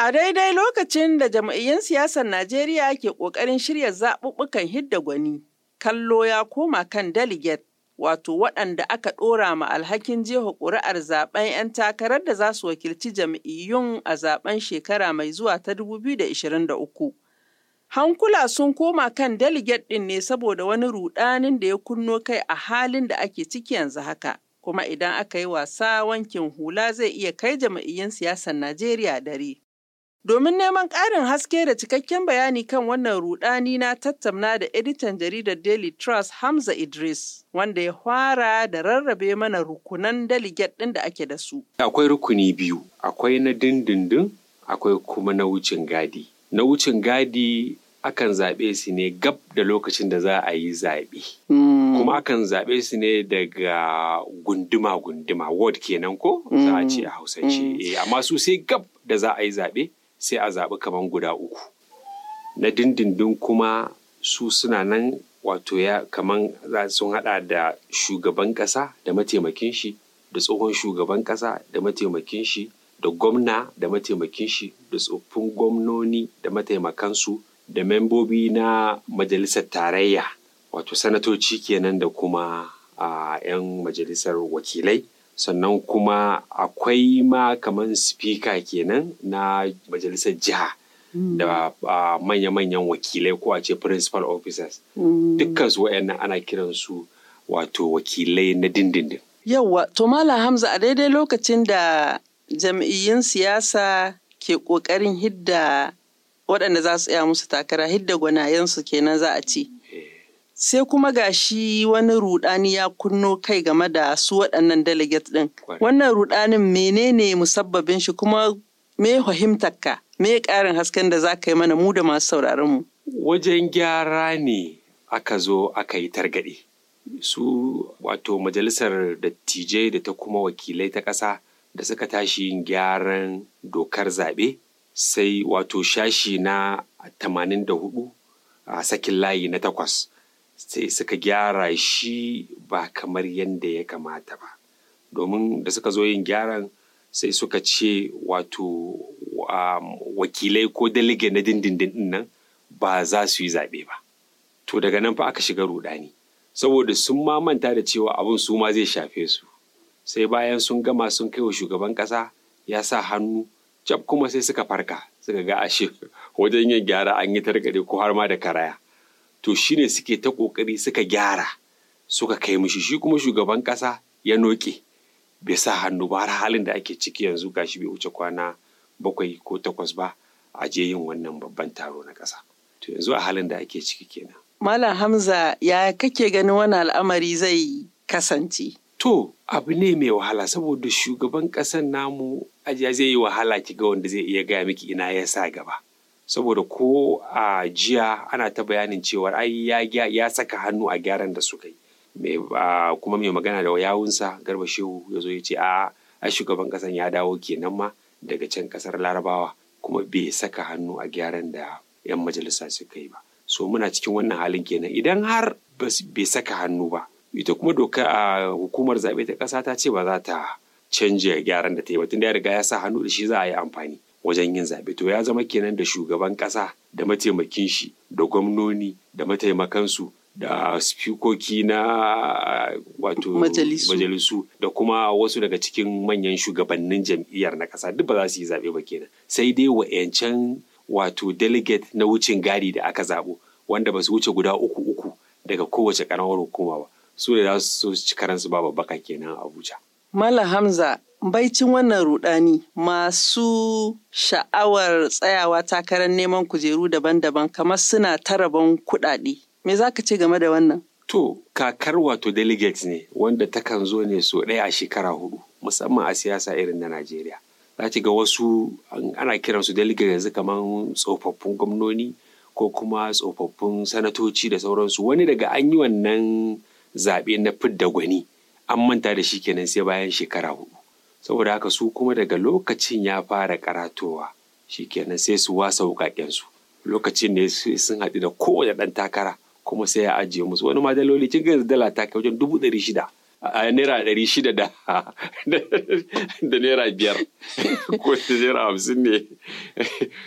A daidai lokacin da jam'iyyun siyasar Najeriya ke ƙoƙarin shirya zaɓuɓɓukan hidda gwani, kallo ya koma kan delegate, wato waɗanda aka ɗora ma alhakin jeho ƙuri'ar zaɓen 'yan takarar da za su wakilci jam'iyyun a zaɓen shekara mai zuwa ta 2023. Hankula sun koma kan delegate ɗin ne saboda wani ruɗanin da ya kunno kai a halin da ake ciki yanzu haka. kuma idan aka yi wasa wankin hula zai iya kai jam'iyyun siyasar Najeriya dare. Domin neman ƙarin haske da cikakken bayani kan wannan rudani na tattauna da editan jaridar Daily Trust Hamza Idris wanda ya fara da rarrabe mana rukunan delegate ɗin da ake da su. Akwai rukuni biyu, akwai na dindindin, akwai kuma na wucin gadi. Na wucin gadi akan zaɓe su ne gab da lokacin da za a yi zaɓe. Hmm. Kuma akan zaɓe su ne daga gunduma-gunduma, ward kenan ko? Za a ce a hmm. hausance. Hmm. Eh, amma su sai gab da za a yi zaɓe. sai a zaɓi kamar guda uku na dindindin kuma su suna nan wato ya za sun haɗa da shugaban ƙasa da mataimakin shi da tsohon shugaban ƙasa da mataimakin shi da gwamna da mataimakin shi da tsoffin gwamnoni da mataimakansu da membobi na majalisar tarayya wato sanatoci kenan da kuma a ah, 'yan majalisar wakilai sannan kuma akwai ma kamar spika kenan na majalisar jiha hmm. da manya-manyan wakilai ko a ce principal officers hmm. dukkan su wa'yan ana kiransu wato wakilai na dindindin yawwa to malam hamza a daidai lokacin da jam'iyyun siyasa ke ƙoƙarin hidda waɗanda za su iya musu takara hidda gwanayensu kenan za a ci sai kuma ga shi wani rudani ya kunno kai game da su waɗannan delegates ɗin. Wannan rudanin menene musabbabin shi kuma me fahimtarka me ƙarin hasken da za ka yi mana mu da masu sauraron mu. Wajen gyara ne aka zo aka yi targaɗe. Su wato majalisar dattijai da ta kuma wakilai ta ƙasa da suka tashi yin gyaran dokar zaɓe sai wato shashi na 84 a sakin layi na takwas. sai suka gyara shi ba kamar yadda ya kamata ba domin da suka zo yin gyaran sai suka ce wato um, wakilai ko dalige na dindindin nan ba za su yi zaɓe ba to daga nan fa aka shiga rudani saboda sun ma manta da cewa abin su ma zai shafe su sai bayan sun gama sun kai wa shugaban ƙasa ya sa hannu cap kuma sai suka farka suka ga ashe wajen yin gyara an yi targaɗe ko har ma da karaya to shi ne suke ta ƙoƙari suka gyara suka kai mishi shi kuma shugaban ƙasa ya noke bai sa hannu ba har halin da ake ciki yanzu gashi bai wuce kwana bakwai ko takwas ba a je yin wannan babban taro na ƙasa to yanzu a halin da ake ciki kenan Malam Hamza ya kake ganin wani al'amari zai kasance? To, abu ne mai wahala saboda shugaban ƙasan namu ajiya zai yi wahala ki ga wanda zai iya gaya miki ina ya sa gaba. saboda ko a jiya ana ta bayanin cewar ai ya saka hannu a gyaran da suka yi kuma mai magana da yawunsa garba shehu ya zo ya ce a a shugaban kasan ya dawo kenan ma daga can kasar larabawa kuma bai saka hannu a gyaran da 'yan majalisa suka yi ba so muna cikin wannan halin kenan idan har bai saka hannu ba ita kuma doka a hukumar zaɓe ta ƙasa ta ce ba za ta canja gyaran da ta yi ba tun da ya riga ya sa hannu da shi za a yi amfani wajen yin zaɓe to ya zama kenan da shugaban ƙasa da mataimakin shi da gwamnoni da mataimakansu da spikoki na wato majalisu da kuma wasu daga cikin manyan shugabannin jam'iyyar na ƙasa duk ba za su yi zaɓe ba kenan sai dai wa'yancan wato delegate na wucin gadi da aka zaɓo wanda ba su wuce guda uku uku daga kowace ƙaramar hukuma ba su da za su ci karansu ba babbaka kenan abuja Mala Hamza Baicin wannan rudani, masu sha'awar tsayawa takarar neman kujeru daban-daban kamar suna taraban kudade kuɗaɗe. Me za ka ce game da wannan? To, kakar wato delegates ne wanda takan zo ne so ɗaya a shekara hudu, musamman a siyasa irin na Najeriya. Za ki ga wasu ana kiransu delegates kamar tsofaffin gwamnoni ko kuma tsofaffin sanatoci da sauransu. Wani daga an yi wannan zaɓe na fidda gwani, an manta da shi kenan sai bayan shekara hudu. saboda haka su kuma daga lokacin ya fara karatowa shikenan sai su wasa wukakensu lokacin ne sun haɗu da kowane ɗan takara kuma sai ya ajiye musu wani ma daloli kin ga dala ta kai wajen dubu ɗari shida a naira ɗari shida da da naira biyar ko da naira hamsin ne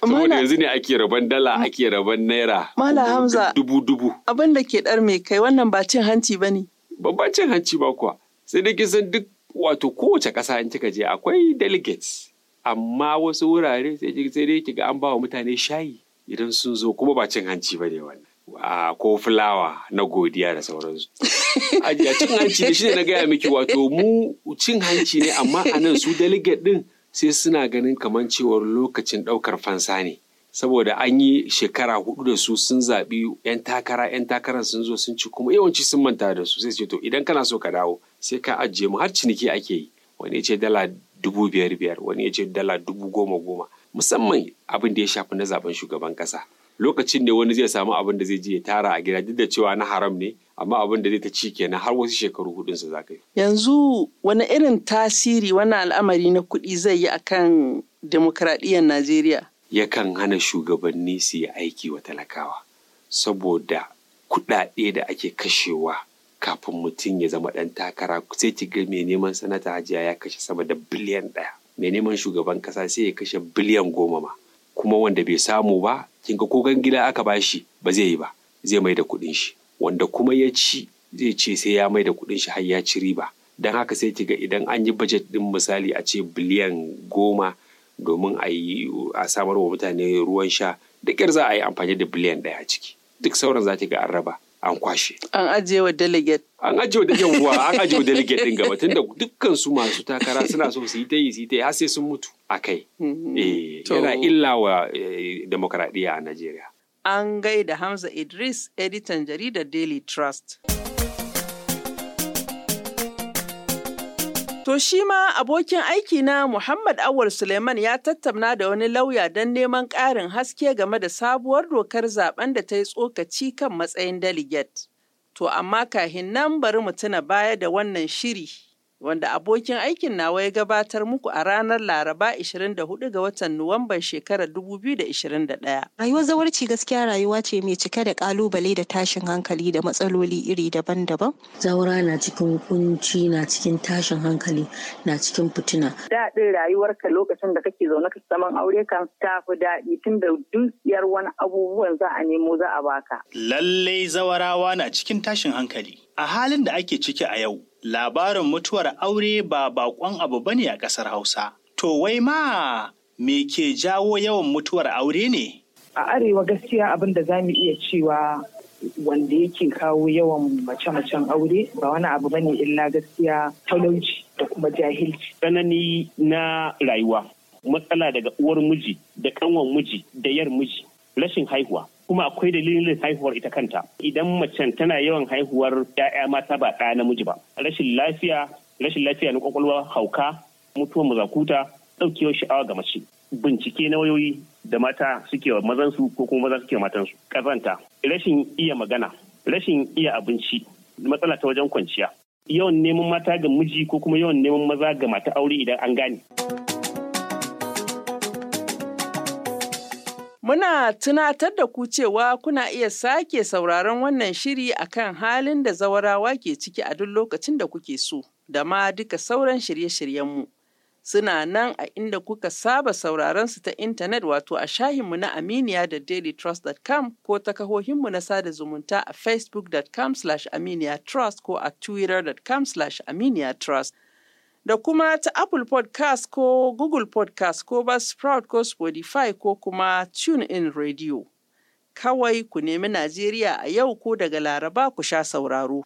saboda yanzu ne ake rabon dala ake rabon naira mala hamza dubu dubu abin da ke ɗar mai kai wannan ba cin hanci ba ne ba cin hanci ba kuwa sai dai kisan duk wato kowace ƙasa in kika je akwai delegates amma wasu wurare sai dai kiga an ba wa mutane shayi idan sun zo kuma ba cin hanci ba ne wannan ko fulawa na godiya da sauransu a cin hanci ne shi na gaya miki wato mu cin hanci ne amma anan su delegate din sai suna ganin kamar cewar lokacin ɗaukar fansa ne saboda an yi shekara hudu da su sun zaɓi 'yan takara 'yan takara sun zo sun ci kuma yawanci sun manta da su sai ce to idan kana so ka dawo sai ka ajiye mu har ciniki ake yi wani ya ce dala dubu biyar biyar wani ya ce dala dubu goma goma musamman abin da ya shafi na zaben shugaban kasa lokacin ne wani zai samu abin da zai je ya tara a gida duk da cewa na haram ne amma abin da zai ta ci kenan har wasu shekaru hudun su za yi. yanzu wani irin tasiri wani al'amari na kuɗi zai yi akan demokradiyyar najeriya yakan hana shugabanni su yi aiki wa talakawa saboda kuɗaɗe da ake kashewa kafin mutum ya zama ɗan takara sai ki ga mai neman sanata hajiya ya kashe sama da biliyan ɗaya mai neman shugaban ƙasa sai ya kashe biliyan goma ma kuma wanda bai samu ba kin ga ko gangila aka bashi ba zai yi ba zai mai da kuɗin shi wanda kuma ya ci zai ce sai ya mai da kuɗin shi har ya ci riba don haka sai ki ga idan an yi bajet ɗin misali a ce biliyan goma domin a yi samar wa mutane ruwan sha da za a yi amfani da biliyan ɗaya ciki duk sauran za ta ga an raba an kwashe. An ajiye wa delegate. An ajiye wa delegate an ajiye wa delegate ɗin gaba tunda dukkan su masu takara suna so su yi ta yi su yi ta yi har sai sun mutu a kai. Mm-hmm. Eh, yana illa wa eh, demokaraɗiyya a Najeriya. An gaida Hamza Idris, editan jaridar Daily Trust. To shi ma abokin aiki na Muhammad Awar Suleiman ya tattauna da wani lauya don neman ƙarin haske game da sabuwar dokar zaben da ta yi tsokaci kan matsayin delegate. To amma kahin nan bari mu tuna baya da wannan shiri wanda abokin aikin nawa ya gabatar muku a ranar Laraba 24 ga watan Nuwambar shekarar 2021. Rayuwar zawarci gaskiya rayuwa ce mai cike da kalubale da tashin hankali da matsaloli iri daban-daban. Zaura na cikin kunci na cikin tashin hankali na cikin fitina. Daɗin rayuwarka lokacin da kake zaune ka zaman aure kan tafi daɗi tun da dukiyar wani abubuwan za a nemo za a baka. Lallai zawarawa na cikin tashin hankali. A halin da ake ciki a yau, labarin mutuwar aure ba bakon abu bane a ƙasar Hausa. To wai ma me ke jawo yawan mutuwar aure ne? A arewa gaskiya abin da za mu iya cewa wanda yake kawo yawan mace-macen aure ba wani abu bane illa gaskiya talauci da kuma jahilci. Tsanani na rayuwa, matsala daga uwar miji da ƙanwar miji da yar miji, rashin haihuwa. kuma akwai dalilin haihuwar ita kanta idan macen tana yawan haihuwar 'ya'ya mata ba ɗaya namiji ba rashin lafiya rashin lafiya na kwakwalwa hauka mutuwar mazakuta ɗaukewar sha'awa ga mace bincike na wayoyi da mata suke wa mazansu ko kuma maza suke wa matansu ƙazanta rashin iya magana rashin iya abinci matsala ta wajen kwanciya yawan neman mata ga miji ko kuma yawan neman maza ga mata aure idan an gane. Muna tunatar da ku cewa kuna iya sake sauraron wannan shiri a kan halin da zawarawa ke ciki a duk lokacin da kuke so, da ma duka sauran shirye-shiryenmu. Suna nan a inda kuka saba sauraron su ta intanet wato a shahinmu na Aminiya da dailytrust.com ko ta kahohinmu na sada zumunta a facebook.com/aminiya trust ko a twitter.com/aminiya trust. da kuma ta Apple podcast ko Google podcast ko Buzzsprout ko Spotify ko kuma TuneIn Radio. Kawai ku nemi Najeriya a yau ko daga Laraba ku sha sauraro.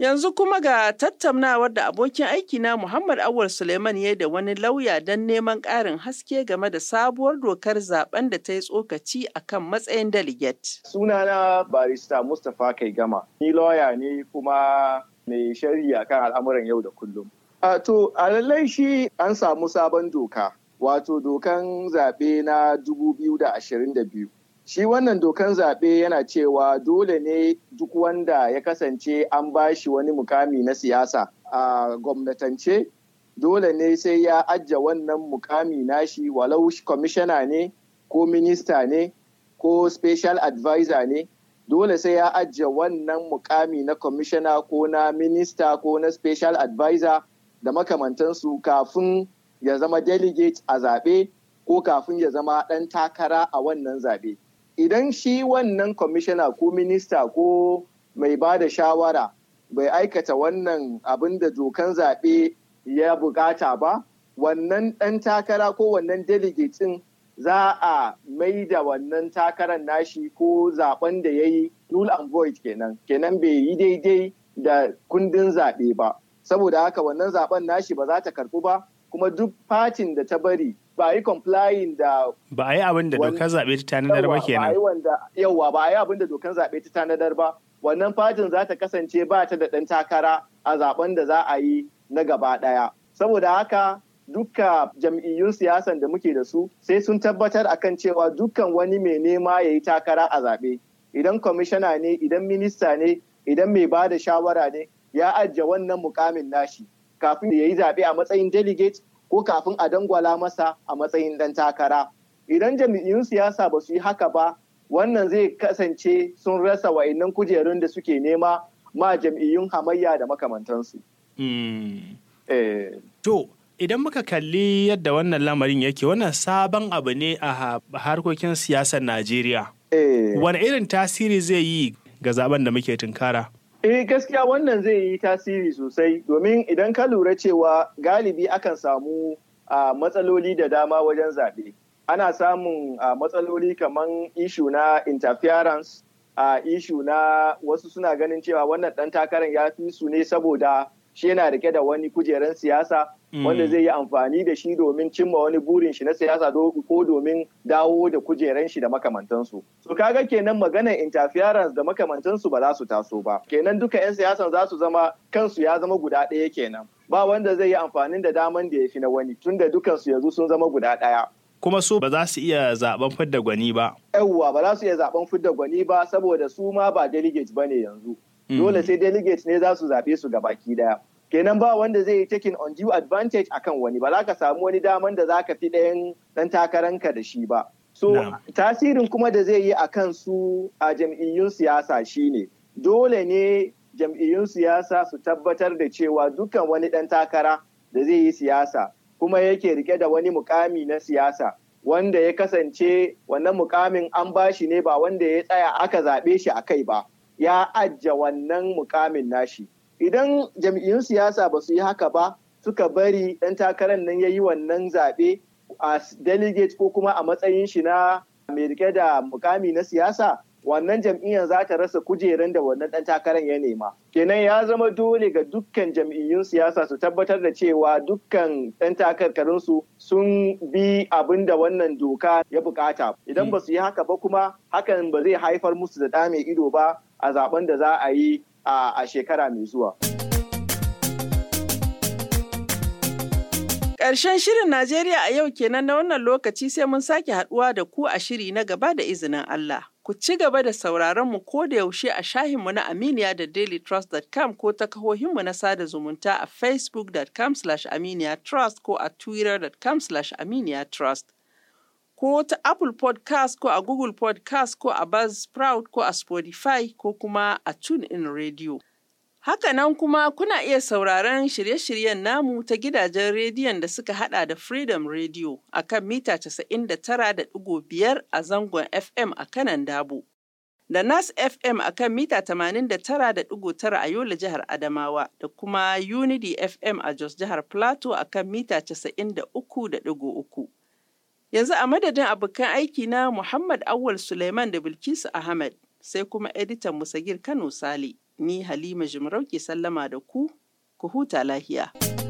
Yanzu kuma ga tattaunawar da abokin aikina Muhammad Awul Suleiman ya da wani lauya don neman ƙarin haske game da sabuwar dokar zaben da ta yi tsokaci a kan matsayin delegate. Sunana barista Mustapha Kai Gama, ni lauya ne kuma mai shari'a kan al'amuran yau da kullum. A to, a lallai shi an samu sabon doka, wato dokan zaɓe na 2022. shi wannan dokan zaɓe yana cewa dole ne duk wanda ya kasance an ba shi wani mukami na siyasa a gwamnatance dole ne sai ya ajja wannan mukami nashi walau kwamishina ne ko minista ne ko special advisor ne dole sai ya ajiye wannan mukami na kwamishina ko na minista ko na special advisor da makamantansu kafin ya zama delegate a zaɓe ko kafin ya zama ɗan takara a wannan zaɓe. idan shi wannan kwamishina ko minista ko mai ba da shawara bai aikata wannan abin da dokan zaɓe ya bukata ba wannan ɗan takara ko wannan delegatin za a mai da wannan takarar nashi ko zaben da ya yi null and void kenan kenan bai yi daidai da kundin zaɓe ba saboda haka wannan zaben nashi ba za ta karɓu ba kuma duk fatin da ta bari ba yi complying da ba a yi abin da dokar zaɓe ta tanadar ba kenan yawa ba a yi abin da dokar zaɓe ta tanadar ba wannan fatin za ta kasance ba ta da ɗan takara a zaɓen da za a yi na gaba ɗaya saboda haka dukka jam'iyyun siyasan da muke da su sai sun tabbatar akan cewa dukkan wani mai nema ya yi takara a zaɓe idan kwamishina ne idan minista ne idan mai ba da shawara ne ya ajiye wannan mukamin nashi kafin ya yi zaɓe a matsayin delegate ko kafin a dangwala masa a matsayin dan takara idan jami'in siyasa ba su yi haka ba wannan zai kasance sun rasa wa'innan kujerun da suke nema ma jam'iyyun hamayya da makamantansu. Hmm. Eh. To, idan muka kalli yadda wannan lamarin yake wannan sabon abu ne a harkokin siyasar Najeriya. Eh. Wani irin tasiri zai yi ga zaben da muke tunkara? Eh gaskiya wannan zai yi tasiri sosai domin idan ka lura cewa galibi akan samu uh, matsaloli da dama wajen zaɓe. Ana samun uh, matsaloli kamar ishu na interference, uh, ishu na wasu suna ganin cewa wannan ɗan takarar ya fi su ne saboda shi yana rike da wani kujeran siyasa mm. wanda zai yi amfani da shi domin cimma wani burin shi na siyasa ko domin dawo da kujeran shi da makamantansu so kaga kenan maganar interference da makamantansu ba za su taso ba kenan duka 'yan siyasan za su zama kansu ya zama guda ɗaya kenan ba wanda zai yi amfani da daman da ya fi na wani tun da dukansu yanzu sun zama guda ɗaya kuma su ba za su iya zaben fidda gwani ba. Yawwa ba za su iya zaben fidda gwani ba saboda su ma ba delegate ba ne yanzu. Mm. Dole sai delegate ne za su zaɓe su ga baki daya. kenan ba wanda zai yi taking on due advantage akan wani ba za ka samu wani daman da za ka fi ɗayan ɗan takaranka da shi ba so tasirin kuma da zai yi a kan su a jam'iyyun siyasa shine dole ne jam'iyyun siyasa su tabbatar da cewa dukkan wani ɗan takara da zai yi siyasa kuma yake rike da wani mukami na siyasa wanda ya kasance wannan mukamin an bashi ne ba wanda ya tsaya aka zaɓe shi a kai ba ya ajja wannan mukamin nashi idan jam'iyyun siyasa ba su yi haka ba suka bari ɗan takarar nan ya yi wannan zaɓe a delegate ko kuma a matsayin shi na amerika da mukami na siyasa wannan jam'iyyar za ta rasa kujeran da wannan ɗan takarar ya nema kenan ya zama dole ga dukkan jam'iyyun siyasa su tabbatar da cewa dukkan ɗan takarkarinsu sun bi abin da wannan doka ya bukata idan hmm. ba su yi haka ba kuma hakan ba zai haifar musu da ɗa mai ido ba a zaben da za a yi a a shekara mai zuwa. Ƙarshen shirin Najeriya a yau kenan na wannan lokaci sai mun sake haɗuwa da ku a shiri na gaba da izinin Allah. Ku ci gaba da sauraron mu ko da yaushe a shahinmu na Aminiya da dailytrust.com ko ta kahohinmu na sada zumunta a facebook.com/aminiya trust ko a twitter.com/aminiya trust. ko ta Apple podcast ko a Google podcast ko a Buzzsprout ko a Spotify ko kuma a TuneIn Radio. Hakanan kuma kuna iya sauraron shirye-shiryen namu ta gidajen rediyon da suka hada da Freedom Radio a kan mita 99.5 a zangon FM a kanan Dabo. Da Nas FM a kan mita 89.9 a Yola jihar Adamawa da kuma Unity FM a Jos jihar Plateau a kan mita 93.3. Yanzu a madadin abokan aiki na Muhammad Awal Suleiman da Bilkisu Ahmed sai kuma editan Musagir Kano Sale, ni Halima Jimarauke sallama da ku, ku huta lahiya.